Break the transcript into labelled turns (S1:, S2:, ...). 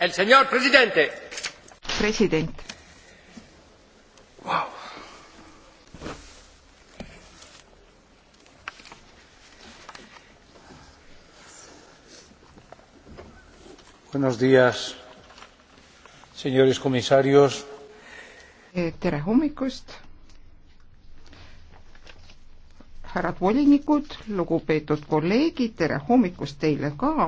S1: El señor presidente. President. Wow.
S2: Buenos días, señores comisarios.
S3: Eh, tere hommikust, härrad volinikud, lugupeetud kolleegid, tere hommikust teile ka.